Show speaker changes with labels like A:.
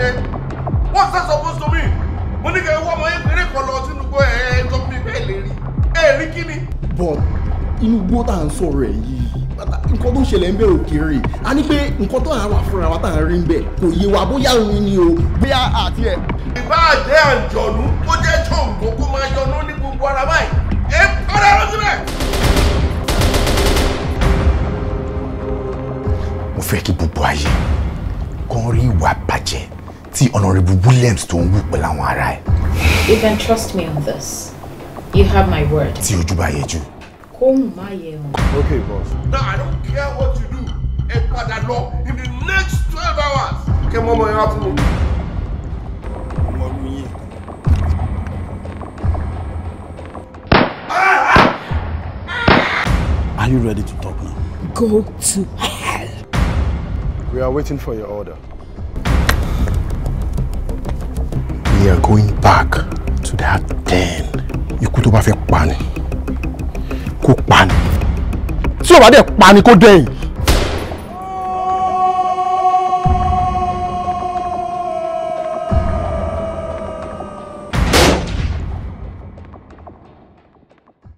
A: yẹn what's that supposed to mean mo ní kẹ́ ẹ wọ́ ọmọ kan lọ sínú gbọ́ ẹ̀ ẹ̀ bẹ́ẹ̀ lè rí ẹ̀ kí ni.
B: but inú gbọ́ tá à ń sọ̀rọ̀ ẹ̀ yìí nǹkan tó ń ṣẹlẹ̀ ń bẹ̀ òkèèrè a ní pé
A: nǹkan tó àwọn afúnra wa tá à ń rí ń bẹ̀ kò yé wa bóyá òun ni o bóyá àti ẹ̀. ìbá àjẹ́ àjọ̀nú tó jẹ́ ṣòǹgó kó máa yọnú ní gbogbo ara báyìí ẹ
C: mo fẹ́ kí gbogbo ayé kan rí ìwà bàjẹ́ tí honourable williams tó ń wù
D: pẹ̀lú àwọn ará ẹ̀. you can trust me on this you have my word. tí ojú bá yẹ jù.
E: kóhùn má yẹ
D: wọn. okay boss.
E: now i don't care what you do ẹ padà lọ in the next twelve hours. kẹ́ mọ́mọ́ yẹn wá fún mi. ọmọ mi
F: Are you ready to talk now?
G: Go to hell.
F: We are waiting for your order.
H: we are going back to that den. ikú tó bá fẹ́ pa ni kó pa ni tí ò bá dẹ̀ pa ni kó dẹ̀yìn.